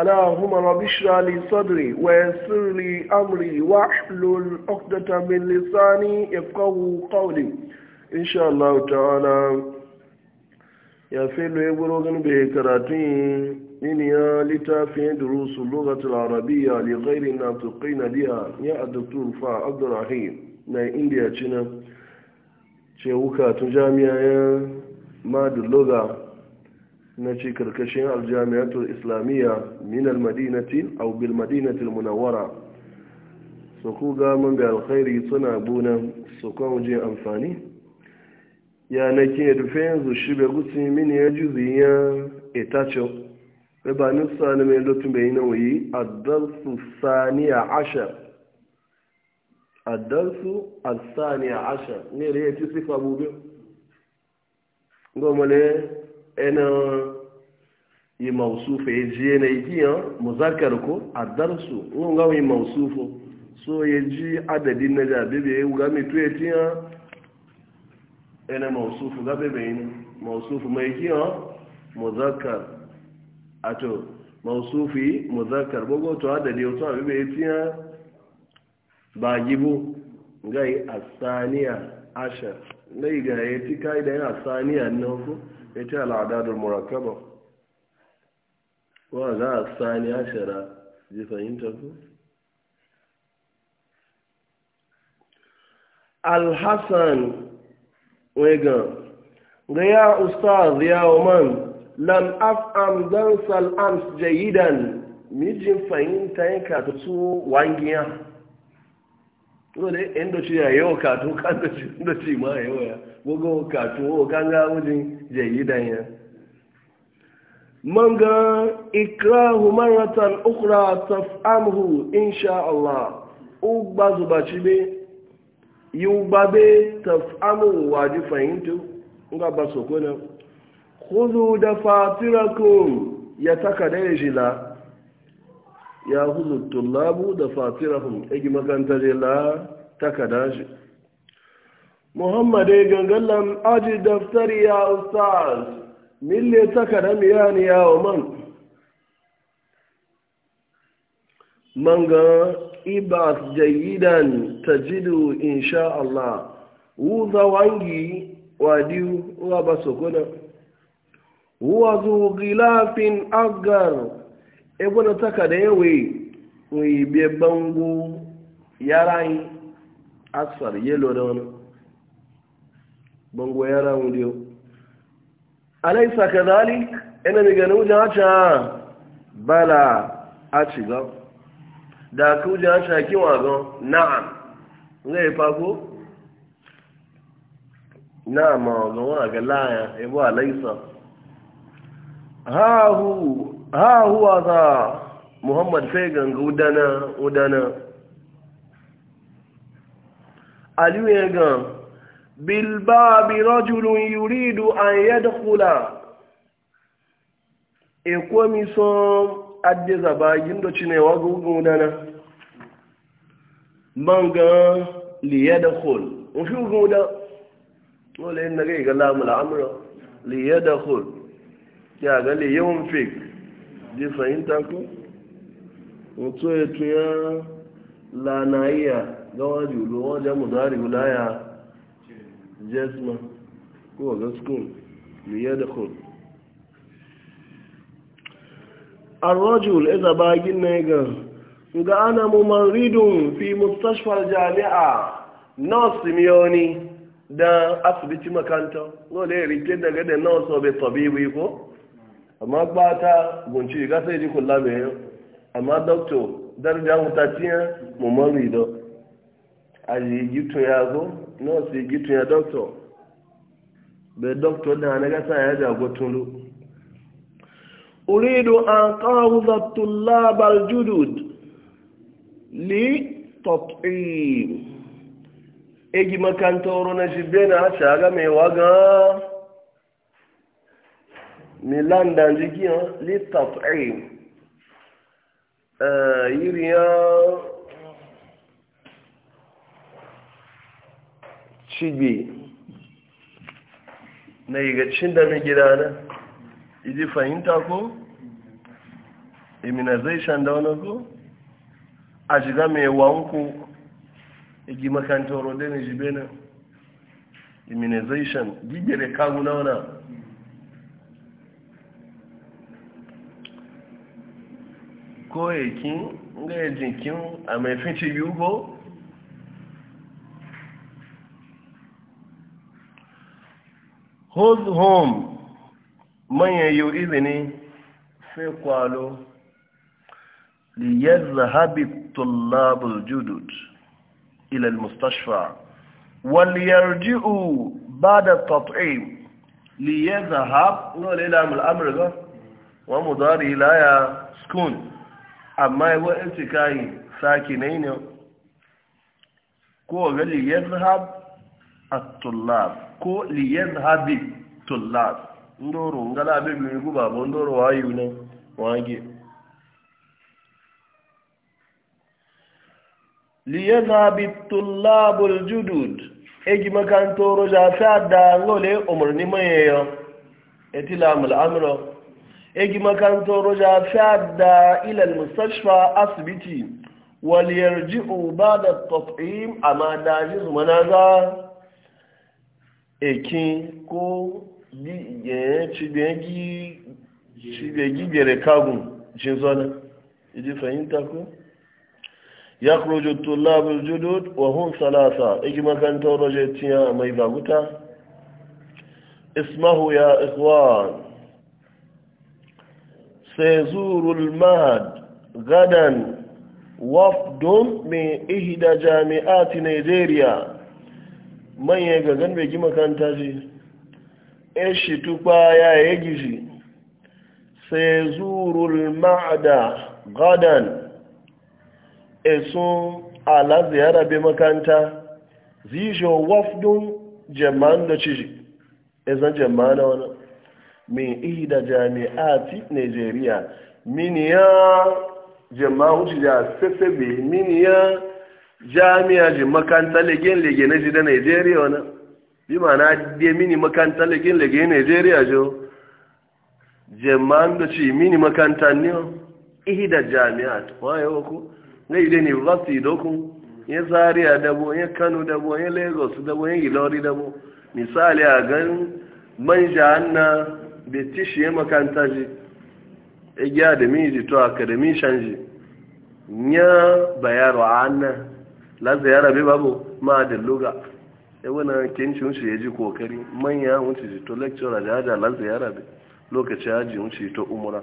اللهم رب اشرح لي صدري ويسر لي امري واحلل عقدة من لساني يفقهوا قولي ان شاء الله تعالى يا فيلو يقولون بكراتين من يا لتافين دروس اللغة العربية لغير الناطقين بها يا الدكتور فا عبد الرحيم نا انديا تشنا تشوكا تجامعا ماد اللغة na ce karkashin aljami'atul islamiyya minal madinati au bil madinatul munawwara su ku gamun ga alkhairi suna bunan su kwanje amfani ya na ke rufe yanzu shi bai gutsi mini ya juzi ya itacho bai ba ni sani mai lotun bai na wuyi a darsu saniya ashar a darsu a saniya ashar ne da ya ci sifa bubin gomale ina yi mausufu ya ji na ikiyan muzakar ko a darsu in ga yi mausufu so ya ji adadin na jabibe ya ga mai tuye tiya ina mausufu ga bebe yi mausufu mai igiyan muzakar a to yi muzakar bugu to adadi ya a bebe ya tiya ba gibu gai a asaniya ashar na yi ya ti kai da yin asaniya na ko ya ce al'adadar murakaba kuma za a sani shara ji fahimta ku alhassan wegan ga ya ustaz ya oman lam af'am don sal'ams jayidan mijin fahimta yin katutu wangiya dole inda ci ya yi wa katu kan da ci ma wa ya gogo katu wa ganga wajen jayidan ya man ga ikrahu maratan ukra taf'amhu insha Allah ugba zubaci be yi ugba be taf'amu waji fahimtu nga ba so kuna khudhu da fatirakum ya takadai jila ya huzu tullabu da fatirahum egi makanta la takadaji muhammad e gangallan aji daftari ya ustaz mille takara miyani yawo man manga ibas jayidan tajidu insha Allah wuza wangi wadiu wa basokona huwa zu ghilafin agar taka da yawe wi be bangu yarai asfar yelo da wani bangu yaran wudiyo alaisa kazalik ina mai ganin wujen haca bala a ciga da ka wujen haca kiwa gan na'am zai fago na'am a gan wa ga laya ibu alaisa ha huwa za muhammad fai ganga udana udana aliyu ya gan بالباب رجل يريد أن يدخل ekomi son adde zabagin da cinewa gugunana manga liyadkhul in fi gugunan wala yin nage ga lamul amra liyadkhul ya ga li yawan fik ji fahimta ku mutu ya tuya lanaiya ga wajen Jesma ko gaskun liya da kun arrajul iza bagin na ga ga ana mu maridun fi mustashfar jami'a nurse miyoni da asibiti makanta dole rike daga da nurse obe tabibi ko amma ba ta gunci ga sai ji kula mai amma doctor darja mutatiya mu marido aji gito ya zo nọọsụ gito ya dọktọ be dọktọ da na gasa ya jago tulu uridu an qawza tullab judud li tat'im egi oru na ashe aga mai waga milan da jikin li tat'im eh, yiri ya. cibe na igacin da na gida na iji fahimta ko immunization da wani ko a shiga mai wanku igi makantar rodin ijibe na immunization gigire kagu na wana ko ekin ga jinkin a mai fice cibi ugo hozhom manyan yau izini sai kwalo liyar zahabi tullabul judud ilal mustashfa ji'u ba da tat'im liyar zahab nuna lila mul'amur ga wa mu zari laya skun amma yi wa'inci kayi sake ne ko ga ya zahab a tullab ko liyen habi tullas ndoro ngala abe mi guba bo ndoro wayu ne wange liyan habi tullabul judud egi makantoro ja fa da ngole umurni mayeyo etilam al amro egi makantoro ja fa da ila al mustashfa asbiti wal yarji'u ba'da at-tat'im ama dajiz manaza ekin ko cibegi bere kagun jinzona iji fahimta ku ya kurojo tulabul judud wa hun salasa igi makantar rajetiya mai baguta ismahu ya ikwan sai mahad gadan wafdun mai ihida jami'ati nigeria manya ga gan bai gima kanta ji in shi tupa ya yi gizi sai zurul ma'ada gadan esun ala ziyara bai makanta zijo wafdun jaman da ciji ezan jaman na wani min ida jami'ati nigeria miniya jama'u wuce da sassabe ya. jami'a ji makanta legen lege na shi da nigeria wani bi ma na de mini makanta legen lege nigeria jo jeman da ci mini makanta ne ihi da jami'a waye wako na ide ne vasi dokun ya zaria dabo ya kano dabo ya lagos dabo ya ilori dabo misali a gan manja anna da tishi ya makanta ji igiya e da miji to academician ji ya bayarwa anna la ziyara bai babu ma da luga ya wani kincin shi ya ji kokari manya wuce shi to lecturer da haja la ziyara bai lokaci haji wuce to umura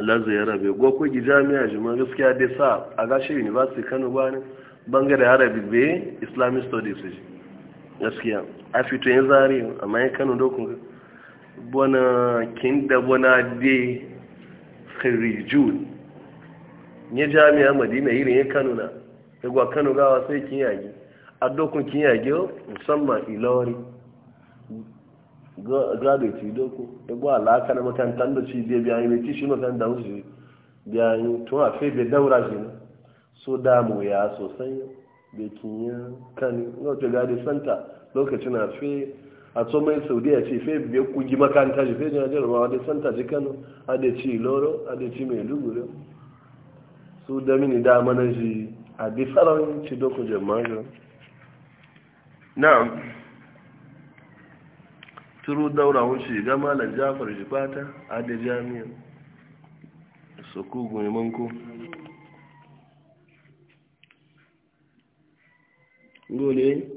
la ziyara bai gaskiya dai sa a gashe university kano ba ne bangare arabic bai islamic studies gaskiya a fito amma nye jami'a madina irin ya kano na igwa kano gawa sai kinyage a adokun kinyage o musamman ilori graduate doku igwa alaka na makanta da ci biya biyan yi ci shi makarantar musu biyan yi tun a fai daura shi ne so damu ya sosai da kinya kani na wata gadi santa lokacin a fai a tsomai saudiya ce fai bai kugi makarantar shi fai jana jarabawa da santa ji kano a da ci iloro a da ci mai su da mini dama na ji a bi tsaron ci doku jama'a na'am turu daura wuce ga malam jafar jifata a da jami'a su ku gwiman ku gole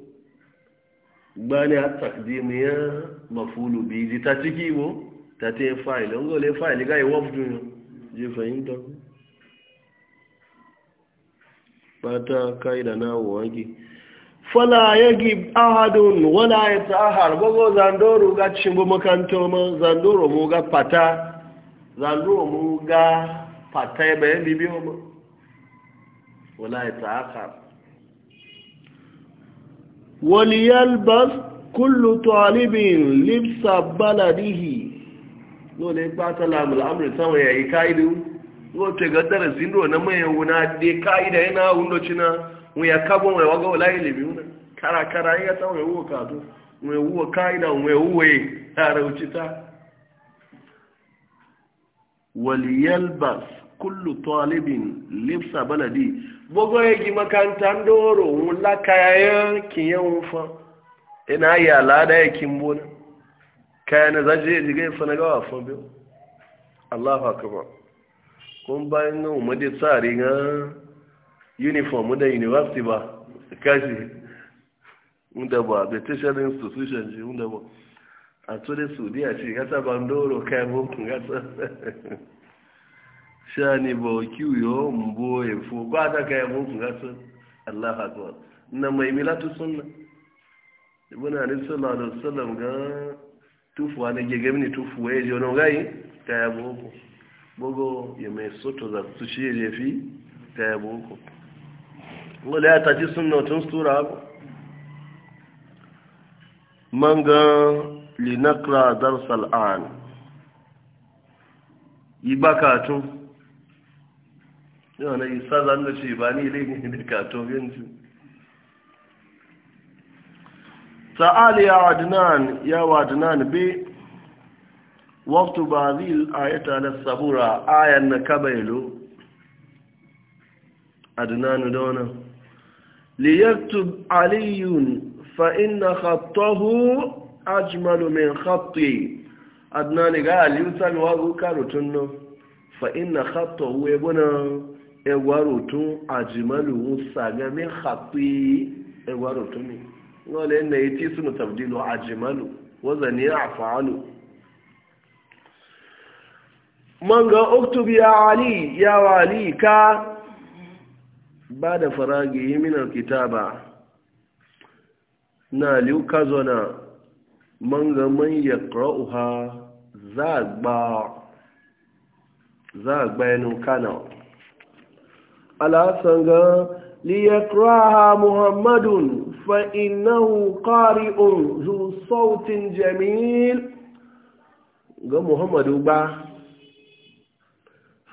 gbani a takdimiyar mafulu biyu ta ciki bo ta te fa'ilin gole fa'ili ga yi duniya je fahimta ku fata ka'ida na wagi fala yagi ahadun wala yatahar gogo zandoro ga cimbo makanto ma zandoro mu ga fata zandoro mu ga fata ya bayan bibiyo ma wala yatahar waliyalbas kullu talibin libsa baladihi le pata lamul amri sawa yayi kaidu wote gadara zindo na mwe una de kaida yana undo china mwe akabo mwe waga wala ilimi una kara kara ya ta mwe uwo kadu mwe uwo kaida mwe uwe ara uchita waliyalbas kullu talibin libsa baladi bogo yegi makanta ndoro wala kaya e, kiyan fa ina ya lada yakin e bona kaya na zaje diga fa na gawa fa biyo Allahu akbar kun bayan nan umarda tsari na uniform da university ba kashi inda ba da tashar institution ce inda ba a turai saudiya ce gata bandoro kayan hukun gata sha ne ba o mbo ya fo ba ta kayan hukun gata allah haka na mai milatu sunna ibn ali sallallahu alaihi wasallam ga tufuwa na gegemni tufuwa ya ji wani gayi kayan hukun bugu ya mai soto da su shi ya fi ta ya boko wadda ya tafi sunnatun sura abu manga linakra zar sal'an yi ba katun yau na isa zan da ce ba ni ilimi da katun yanzu ta'ali ya adnan ya adnan waktu ba zil ayata na sabura ayan na kabailu adnanu da wani liyaktub aliyun fa inna khattahu ajmalu min khatti adnani ga aliyu sami wagu karutun nan fa inna khattahu ya guna tun ajimalu saga min khatti egwarutun ne wale na yi ti suna tabdilu ajimalu wazani ya fa'alu manga oktub ya ali ya wali ka ba da yi minar kitaba na liuka zona manga ga man ya ƙra'uha za a gba yanu kana alasan ga liyakraha muhammadun fa'inahu ƙari'un zu sautin jamil ga muhammadu ba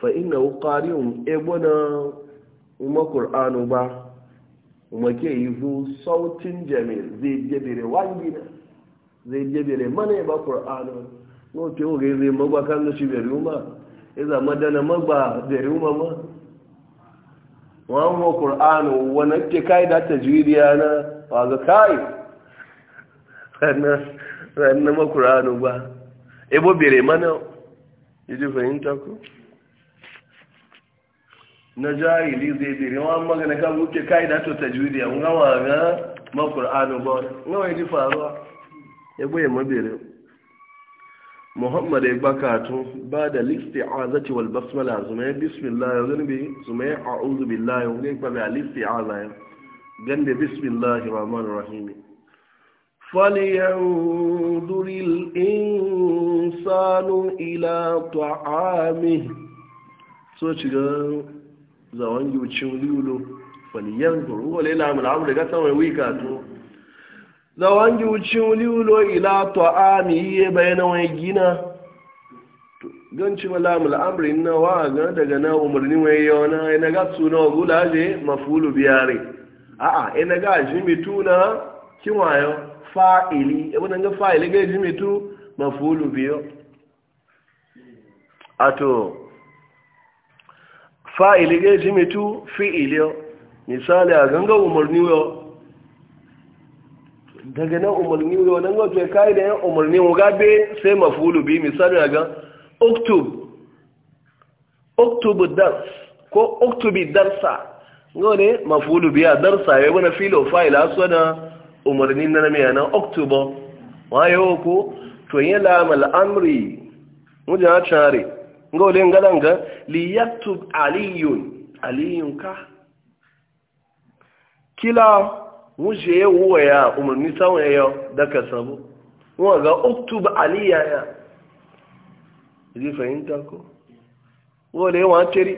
fa inna qari'un ebona umma qur'anu ba umma ke yizu sautin jamil zai jabire wangina zai jabire mana ba qur'anu no ke o ge zai magba kan no shibe ruma iza e madana magba da ruma ma wa umma qur'anu wa nakke kai da tajwidiya na wa ga kai sannan ma qur'anu ba ebo bere mana yaji fahimta ko na jahili zai biri wani magana ka buke ka'ida to ta juriya ngawa ga makur'anu ba ngawa ji faruwa ya goye mabirin muhammad ya bakatu ba da listi azati wal basmala zuma zumai bismillah ya zunbi zumai a'udhu billahi wa gaikwa bi listi azaya gande bismillahir rahmanir rahim فلينظر الإنسان إلى طعامه سوچ zawon yucin lulu faliyan guru wale lamun abu daga mai wika to zawon yucin lulu ila to ami ye bayan wani gina ci ganci malamul amri na wa ga daga na umarni mai na, ina ga suna gula je mafulu biyare a'a ina ga tu na kiwayo fa'ili ibn ga fa'ili ga tu mafulu biyo ato fa'ili ga ji mitu fi'ili misali a ganga umarni yau daga nan umarni yau nan wato kai da yan umarni mu gabe sai mafulu bi misali a ga oktubu uktubu dars ko oktubi darsa ngone mafulu biya darsa ya wani filo fa'il wani umarni na mai nan uktuba wayo ko to tun la mal amri mu ja nga ole ngalan ga liyaktub aliyun aliyun ka kila muje wuwa ya umarni tsawon ya daga sabo wuwa ga uktub aliya ya zai fahimta ko wale wa tiri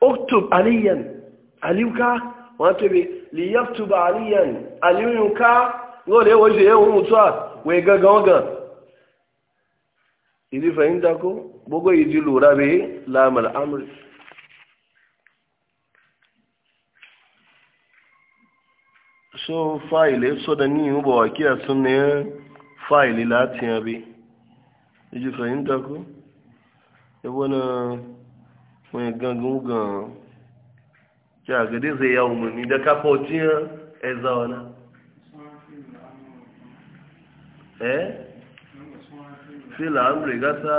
uktub aliyan aliyuka wa tiri liyaktub aliyan aliyuka wale waje yawon mutuwa wai gaggawa ga zai fahimta ko bugu yi ji lura bai lamar amur so fayile so da ni yi ba wakiya sun ne fayile latin abi iji fahimta ku ya wani wani gangan gan ja gade zai yawon muni da kafocin ya e zauna eh fi la'amri gasa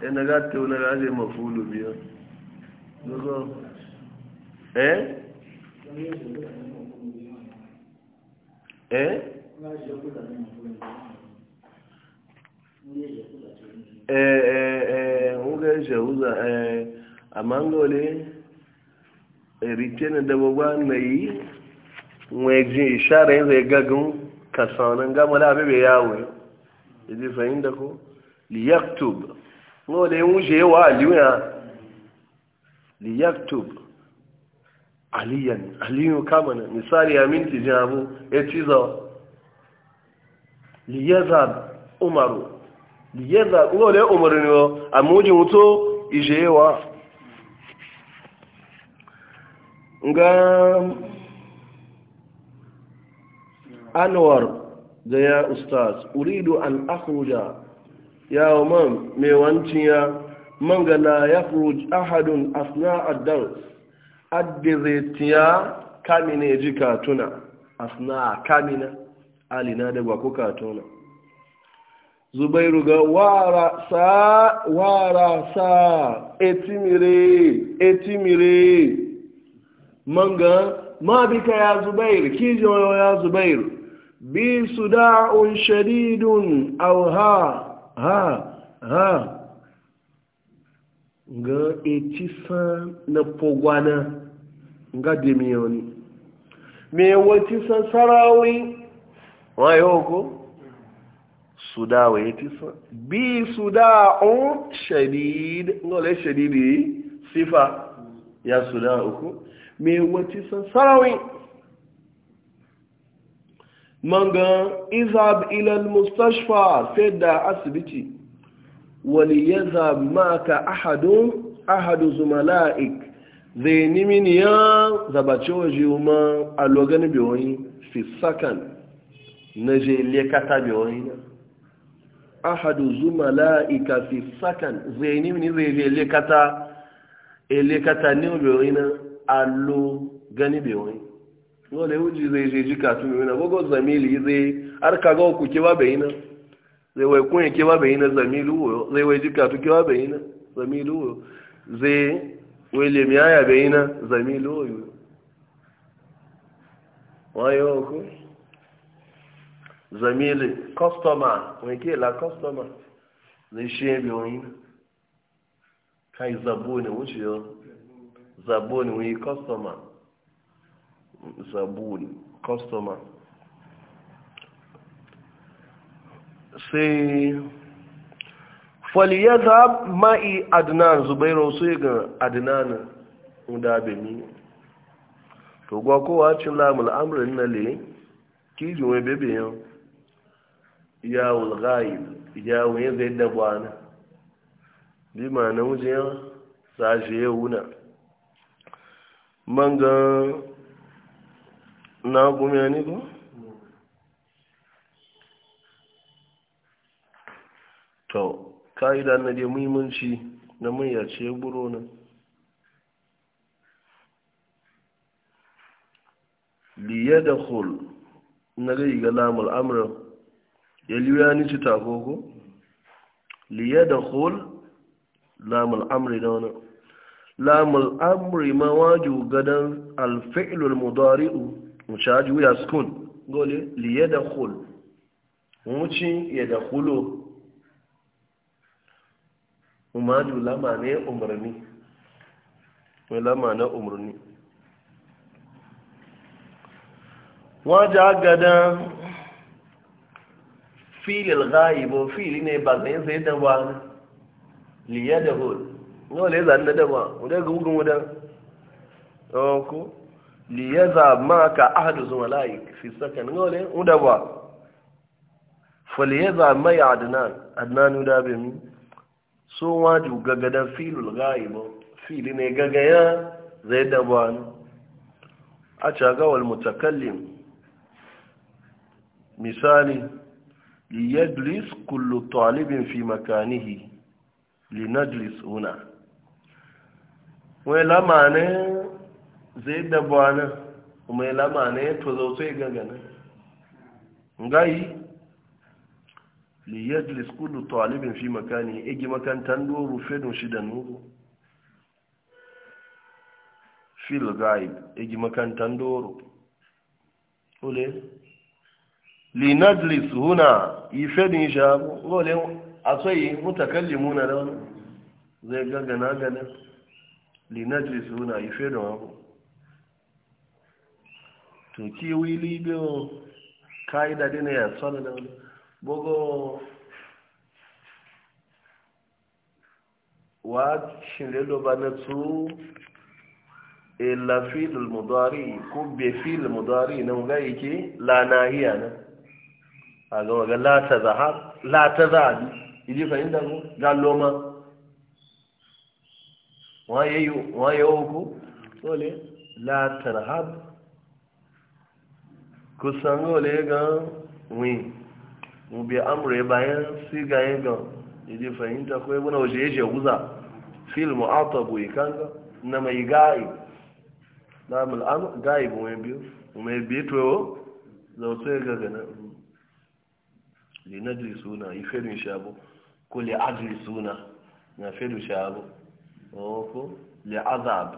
ya na gata wani gaje mafulu biyu zuzo eh eh eh eh wuga shahuza eh a eh, mangole eh, rike na dabagwa mai wajen ishara yin zai gagun kasanin gama da abin bai yawo ya fahimta ko liyaktub ngo le muje wa aliya liyaktub aliyan aliyu kama na misali ya minti jabu etiza liyazab umaru liyazab ngo le umaru no amuji muto ijewa nga anwar da ya ustaz uridu an akhruja yawo man mai wancin ya man ga la ya furuj ahadun asna addar addiretiya kamine ji katuna asna kamina alina da ba ku katuna zubairu ga wara sa wara sa etimire etimire man ga ma bika ya zubairu kijo ya zubairu bi su suda'un shadidun auha ha ha nga eti san na pogwana nga demiyoni me wati san sarawi wayoko suda wa eti san bi suda on shadid le shadidi sifa ya suda uku me wati san sarawi manga izab ilal mustashfa sai da asibiti wali ya zabi maka ahadun ahadu zumala'ik zai nimi ni ya Zaba waje ma a logan biyoyi fi sakan na je lekata biyoyi na ahadu zumala'ika fi sakan zai nimi ni zai je lekata Ilekata e ni biyoyi na Alu gani biyoyi wale wuji zai je ji katun yana gogo zamili zai har kaga ku ke ba bayina zai wai kun ke ba bayina zamili wo zai wai ji katun ke ba bayina zamili wo zai wai le miya bayina zamili wo wayo ko zamili customer wai ke la customer zai shi bi wani kai zabo ne wuce yo zabo ne wai customer zabun customer sai faliyaza ma'i adnan zubairu su ga adnan da bemi to gwa kowa cin lamul amurin na le kijin wai bebe yau yawon ghaib yawon ya zai dabuwa na bi ma na wujen sashe ya wuna man na gumi ne ko to ka'ida na dai muhimmanci na mayyace buro na liya da hul na gai ga lamar amur ya liya ni ci tagogo liya da hul lamar amur da wani lamar amur ma waju gadon alfa'ilul mudari'u mucaji wuya skun gole liye da hul wucin ya da hulo umaru lama ne umarni mai lama na umarni wajen agada filin ga'ibo fili ne ba zai zai da ba liye da hul zan da liyaza maka ahadu zuwa layi fi sakan gole uda ba faliyaza mai adnan adnan uda be mi so waju gagadan filul gaibo fili ne gagaya zai da ba ni a wal mutakallim misali liyajlis kullu talibin fi makanihi linajlis una wai lamanin zai dabuwa nan mai lama ne to zautu ya gagana ngayi liyajlis kullu talibin fi makani igi makantan doru fedun shida nuru fil gaib igi makantan doru ole linajlis huna ifedin shabu ole mutakalli muna da wani zai gagana gana linajlis huna fedun abu ki wili biyo ka'ida dina ya tsara da wani bugu wa do loba na su illa e fil mudari ko be fil mudari na ga yake la na a ga ga la ta zahar la ta zabi idi fahimta ko ga loma waye yo waye ko dole la tarhab kusan ole gan wi mu bi amre bayan si ga yin gan yaje fahimta ko ibn waje yaje guza fil mu'atab ikanga na mai gai na mul am gai bu mai bi mai bi to zo sai ga gana li najli suna ifedin shabu ko li ajli suna na fedu shabu o li azab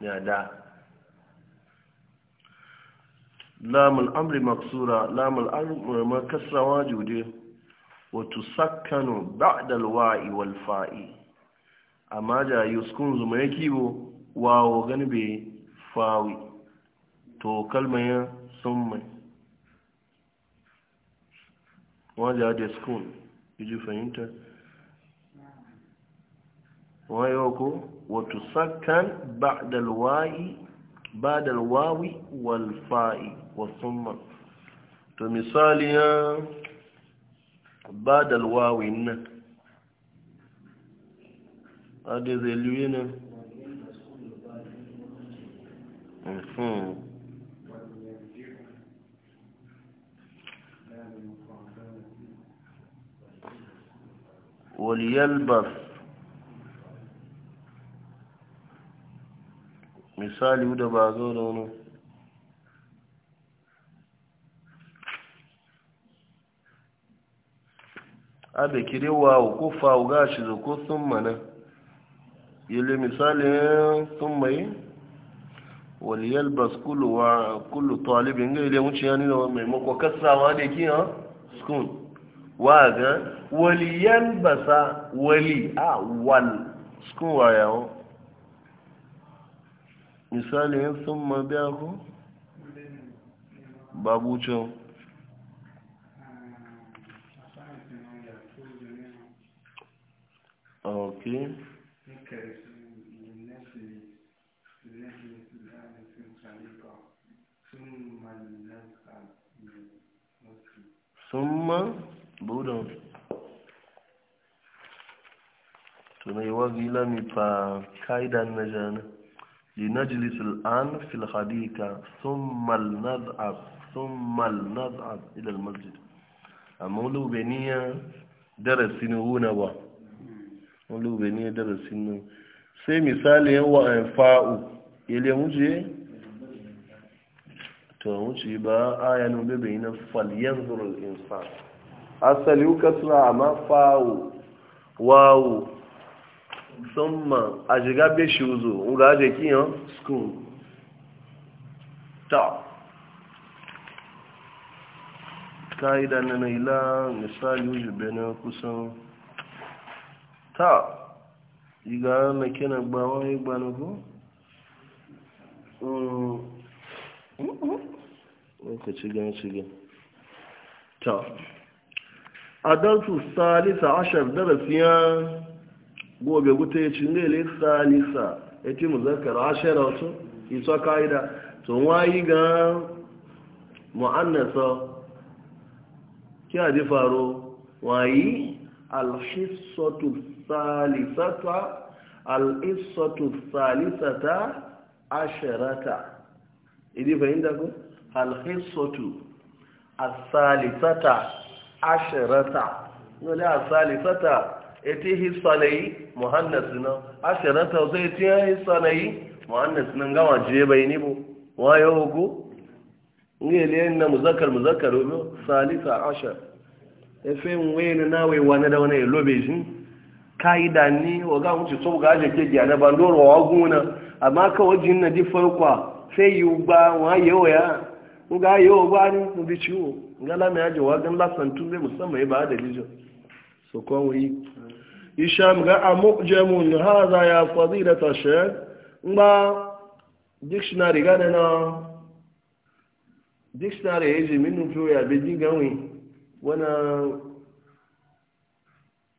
ya da lamul amri maksura lamul amri makasra wajude wa tusakkanu ba'da alwa'i wal fa'i amma da yuskun zuma yake bo wawo gani be to to kalmaya summa waja da sukun yiji fahimta wayo ko wa tusakkan ba'da alwa'i ba'da alwawi wal fa'i والصم تمثاليا بعد الواو ان ادي ذلوين وليلبث مثال يودا بازو دونو abe kirewa ko fawuga shi zo ko sun mana yale misalin sun mai waliyalbas kullu wa kullu talibin ga ile wuce ya nuna maimako kasawa da ki ha skun wa ga basa wali a wal skun wa yawo misalin sun ma biya babu cewa اوكي ثم بودون tunaiwa لامي mipa كايدا najana لنجلس الآن في الحديقة ثم نذهب ثم نذهب إلى المسجد أمولو بنيا درس هنا olube ne darasin nan sai misali yawa eh, fa'u yale muje to wuce ba ayan obe bai na falyan zurul insan asali kasra amma fa'u wawu sanma a shiga be shi uzo nga aje kiyan school ta ka'idan na ila misali ujube na kusan ta iga na kina gbawa igba e na mm, mm, mm. e e salisa ashar darasiya gobe guta ya cinye le salisa ya ti muzakkar ashar wasu isa ka'ida tun wayi kí àdífàró salisata al'isatu salisata asharata idi fahimta ku al'isatu asalisata asharata nole asalisata eti hisanayi muhannas na asharata zai ti hisanayi muhannas nan gawa je bai ni bu wayo hugu ne na muzakar muzakar salisa ashar efe nwe na nawe wani da wani lobe shi ka'ida ne wa ga wuce so ga ke gyana ba ndoro wa guna amma ka wajin na sai yi ba wa yawa ya ga yawa ba ni mu bi ciwo ga la aje wa gan lasan tun musamman ba da lijo so kon wi isham ga amujamun hadha ya fadilata shaykh ba dictionary ga na dictionary ya ji minu fiye ya bi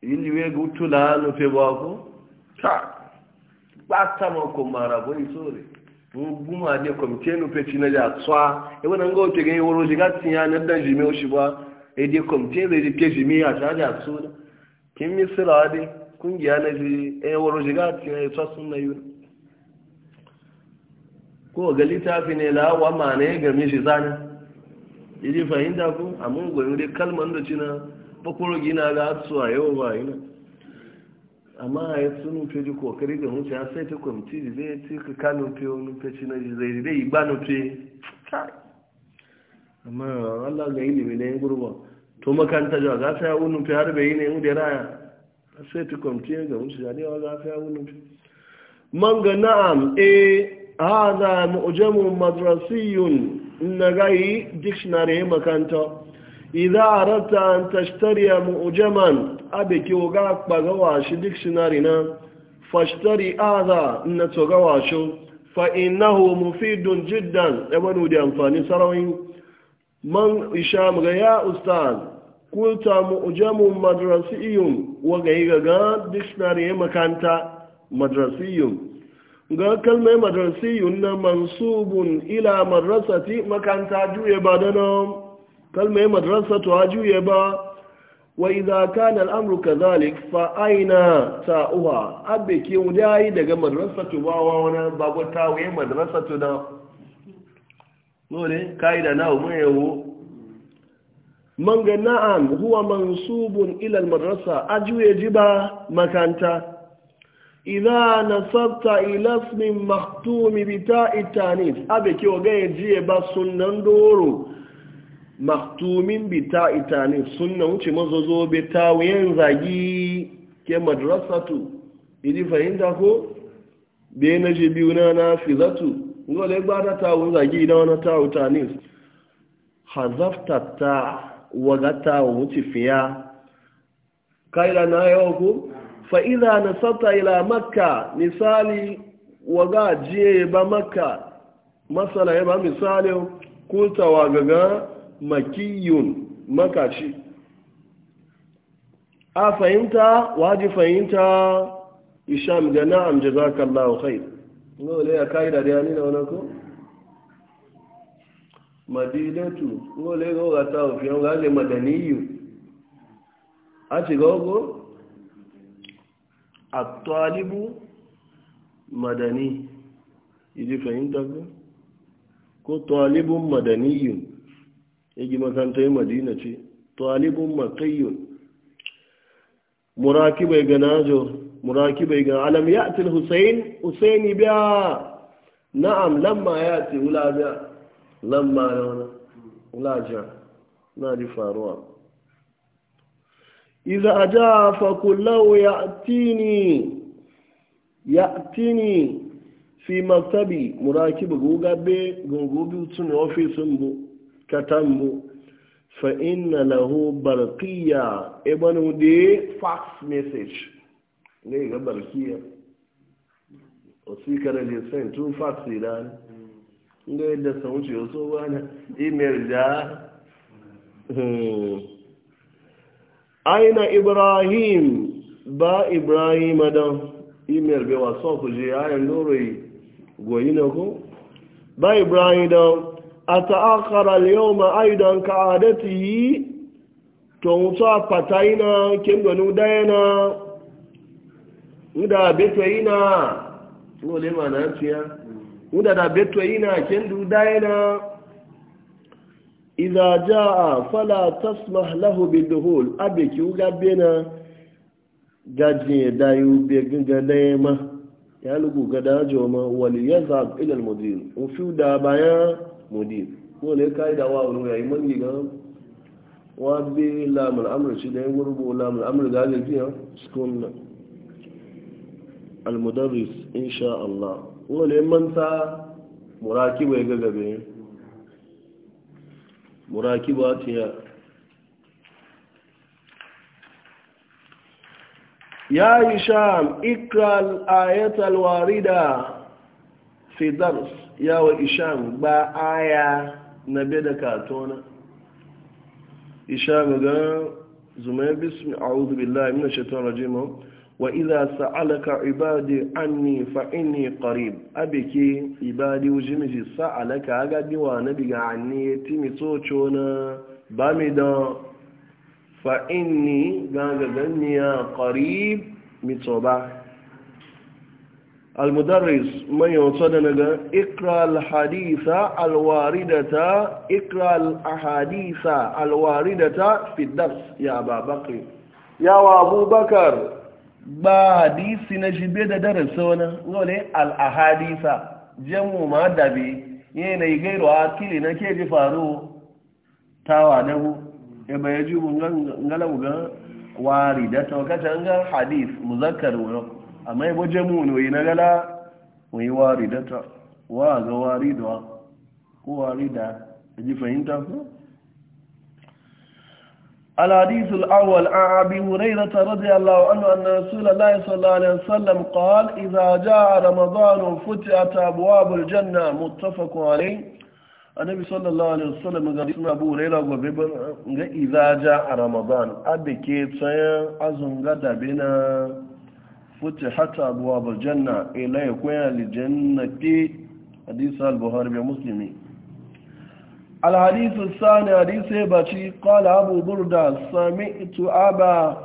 iliwe gutula nufe bako ta bata mako mara boyi sore guma ne kwamite nufe ci na ja tsawa ewe nan ga ote ganye woro jiga tiya na dan jime oshi ba e de zai jike jime a ta ja tsawa kin mi sira de kungiya na ji e woro jiga tiya ya e tsawa sun na yi ko ga littafi ne lawa ma ne ga mishi zani idi e fahimta ko amma gwanin dai kalmar da ci bakoro gina ga su a yau ba yi amma ya sunu fe ji kokari ga hunce ya sai ta kwamiti da zai ci ka kano fe wani fashi na ji zai dai ba na fe amma Allah ga ilimi ne gurba to makanta ja ga sai wani fe har bai ne mu da raya sai ta kwamiti ga hunce ya ne ga sai wani fe man ga na'am eh hada mu'jamun madrasiyun na gai dictionary makanta idza arata an tashtariya mu'jaman abiki oga pagawa shi dictionary na fashtari adha na togawa shi fa innahu mufidun jiddan ibanu da amfani sarawin man isham ga ya ustaz kulta mu'jamun madrasiyun wa ga ga dictionary makanta madrasiyun ga kalmai madrasiyun na mansubun ila madrasati makanta juye nan. kalmai madrasa to a juye ba wa iza kana al'amru kadhalik fa aina uwa abe ke yi daga madrasa to ba wa wani babu tawaye madrasa to da nore kaida na mu yawo man ga na'am huwa mansubun ila al-madrasa ajuye jiba makanta idza nasabta ila ismin makhtum bi ta'i tanif abe ke wagaye jiye ba sunnan doro maktumin bi ta itani suna wuce mazozo bi ta wuyen zagi ke madrasatu idi fahimta ko be na je biyu na na fizatu ngole gbada ta wuyen zagi na wani ta utani hazafta ta ta wuce fiya kaila na yau ko fa na sata ila makka misali waga jiye ba makka masala ya ba misali kulta wagaga makiyun makaci a fahimta waji fahimta isham ga na'am jazakallahu khair ngole ya kaida da ko? na wanako madinatu ngole ta gata ofio ngale madaniyu ati gogo a talibu madani idi fahimta ko ko talibun madaniyun yake makarantar madina ce talibun matsayyun muraki bai ga najo muraki bai ga alam ya atil husain husaini biya na'am lamma ya ce wula biya lamma ya wani wulaja na ji faruwa iza a ja fakulau ya tini ya tini fi maktabi muraki bai gugabe gungubi sun ofisun bu katambu fa inna lahu barqiya ibanu e de fax message ne ga barqiya o si kare le sen tu fax idan ne e da sun ce so wani email da hmm. aina ibrahim ba ibrahim dan email be ji je ayan dore goyina ko ba ibrahim dan أتأخر اليوم أيضا كعادته تونسا فتاينا كم ونودينا ودا بيتوينا نقول لما نانسيا ودا دا بيتوينا كم ودينا إذا جاء فلا تسمح له بالدخول أبيك وغبنا جاجين دايو بيغن غنيمه ya lugu ga dajo ma wani ya zaɓi ilal mudir in fi da bayan mudir ko ne ka yi da dawa ya yi man giga wa bi lamun amur shi da ya gurbu lamun amur ga ga fiya sukun almudarris insha Allah ko ne manta murakiba ya gagabe murakiba ta ya yi sham ikral ayatul warida fi dars ya wa isham ba aya na bada katona isham ga zumai bismi a'udhu billahi minash shaitanir rajim wa idha sa'alaka ibadi anni fa inni qarib abiki ibadi wujimi sa'alaka ga diwa nabiga anni timi so chona ba mi don fa’inni gangagan ni a ƙarib mito ba al-mudarris mai da naga ikra al-hadisa al-waridata ikra al-hadisa al-waridata fidas ya babakri yawa abubakar ba hadisi na shibe da darasa wani wani al-hadisa jemu ma dabi. yanayi gairu a kili na ke ji faru tawa na hu ya mai ji ngalau ga wari da ta wakata an ga hadith muzakkar wani amma ya baje mu ne na gala wani wari da ta wa ga wari da ko wari da ji fahimta ko الحديث الأول عن أبي هريرة رضي الله عنه أن رسول الله صلى الله عليه وسلم قال إذا جاء رمضان فتحت أبواب الجنة متفق عليه annabi sallallahu alaihi wasallam ga sun abu raila gobe ga izaja a ramadan abe ke tsayan azun gada bina fuce hata abuwa bar janna ilaya kwaya lijanna fi hadisa al-buhari bai muslimi alhadisu sani hadisu ya baci kwala abu burda sami ito aba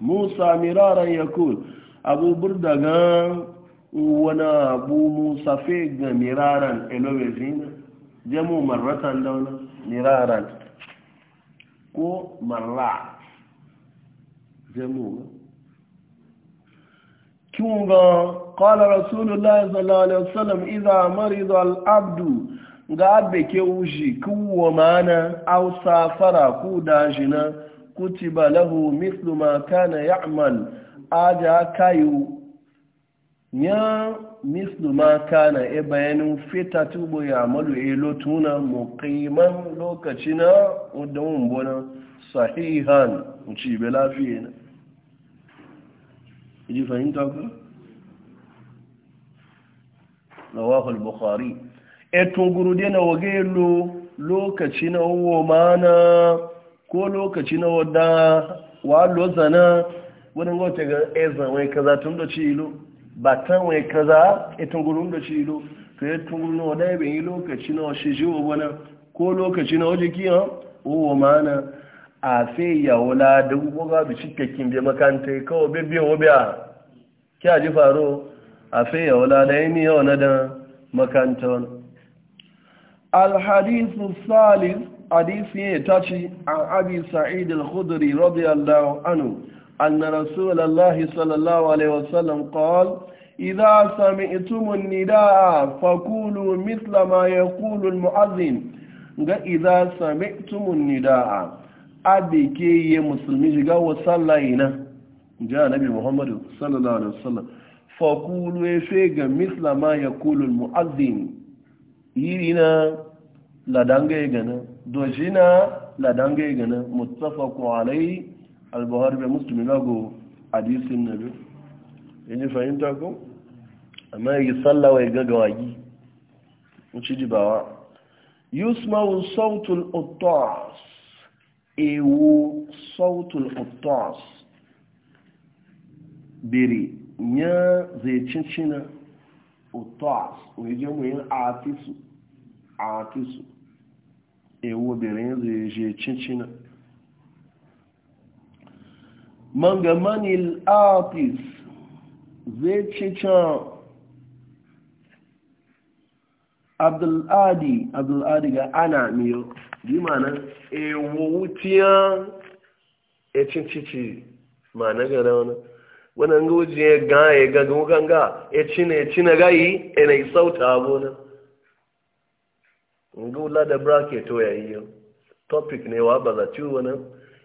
musa miraran ya kul abu burda ga wani abu musa fi ga miraran ilowe zina jamu marratan da miraran ko marra jamu kunga qala rasulullahi sallallahu alaihi wasallam idha marida al-abdu ga abe ke wuji kuwa mana au safara ku dajina kutiba lahu mithlu ma kana ya'mal aja kayu ya mislu ma kana e bayanin fita tubo ya malu e lotuna muqiman lokaci na bona sahihan uci be lafiye na ji fahimta ku rawahu al-bukhari e guru dena wage lokacina lokaci na wo mana ko lokaci na wada wa lozana wannan gote ga ezan wai kaza tun da ci ba ta wai kaza ya e gurun da shi lo to ya e tun gurun da ya bin yi lokaci na shi shi wani ko lokaci na waje kiyan owo mana a fe ya wula da gugoga bi cikakkin bi makanta kawo bi biyan wabi a kya ji faro a fe ya wula da yi ni yau na da makanta wani alhadisu salis hadisi ya tashi an abi sa'id al-khudri radiyallahu anhu أن رسول الله صلى الله عليه وسلم قال إذا سمعتم النداء فقولوا مثل ما يقول المؤذن إذا سمعتم النداء أبكي مسلمي جاء وصلينا جاء نبي محمد صلى الله عليه وسلم فقولوا فيك مثل ما يقول المؤذن يرينا لدنجي جنا دوجنا لدنجي جنا متفق عليه al-buhari bai musulmi lagu hadisin na biyu yanzu fahimta ko amma yi sallawa ya gaga wagi wuce jibawa yusmawu sautul utos ewu sautul utos biri ya zai cincina utos wajen mu yin atisu atisu ewu biri ya zai cincina manga manil artis zai ci can abduladi abduladi ga ana miyo bi mana ewu wutiya e cin cici ma na wana wani wani ga wuce ya ga ya ga na ga ya cina ya cina gayi ya na isauta abona ga wula da bracket to yayi yau topic ne wa ba za ciwo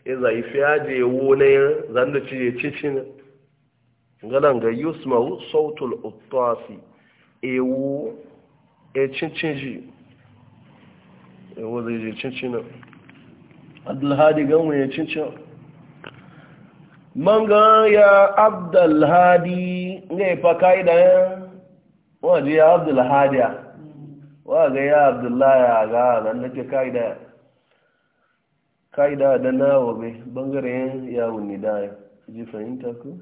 iza zai fiya je wo ne zan da ciye cicin ngalan ga yusmau sautul uttasi e e cincin ji e wo zai je cincin abdulhadi ganwe ya cincin ga ya abdulhadi ne fa kaida ya waje ya abdulhadi wa ga ya abdullahi ga nan nake kaida ka'ida da nawa bai bangaren yawon nidaya ji fahimta ku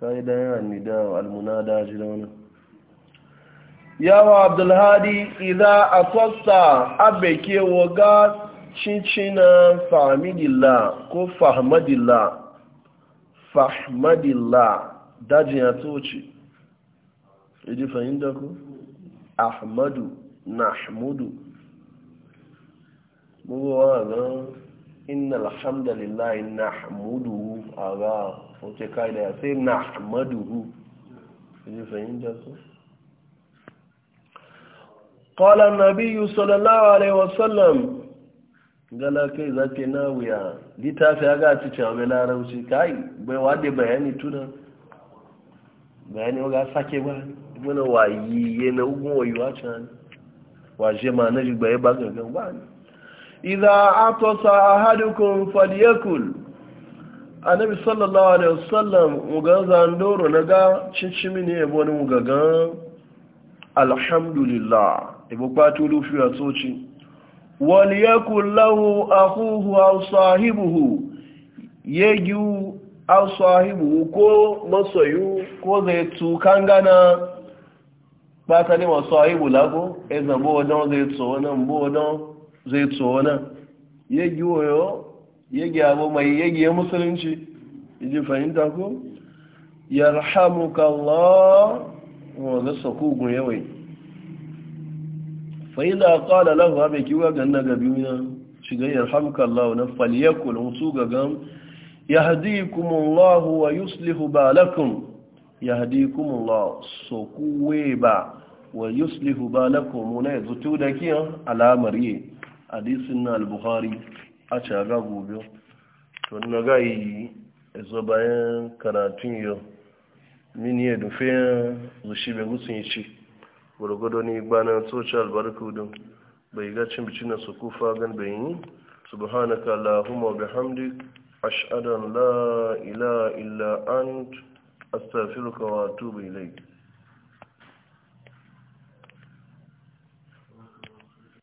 ka'ida yawon nidaya da ji da wani yawa abdulhadi idan a kwasta abeke waga cincina fahimadilla ko fahimadilla fahimadilla dajin ya toci ji fahimta ku ahmadu na ahmadu bugowa nan na a ga wace kai da na nabiyu sallallahu alaihi na ya gaci cewa mai larauci kai bai bayani tuna bayani ga sake ba muna wayi yana can ma na jigbaye ba gangan ba idha atasa ahadukum falyakul annabi sallallahu alaihi wasallam uga zandoro naga cincimi ne yabo ni uga ga alhamdulillah ibo patulu fi atoci waliyakul lahu akhuhu aw sahibuhu yeju aw sahibuhu ko masoyu ko zai tukangana pata ni wa sahibu lago ezabo don zai tso nan bo don zai tsona Ya yagi wayo yagi abu mai yagi ya musulunci iji fahimta ya yarhamuka Allah wa ga saku yawai fa idza qala lahu kiwa ganna gabi na shiga ya yarhamuka Allah na falyakul musu ga gam kuma Allah wa yuslihu balakum yahdikum Allah kuwe ba wa yuslihu ba muna ya zutu da kiyan yi. hadisin na al-bukhari a caga gobe to na gayi ezo bayan karatun yau mini ya e dufe zushi bai gusun yi ci gwargwado ne gbanar tsoci albarku don bai ga cin bici na su kufa gan bai yi subhanaka allahumma bihamdik ash'adan la ila illa ant astaghfiruka wa atubu ilayk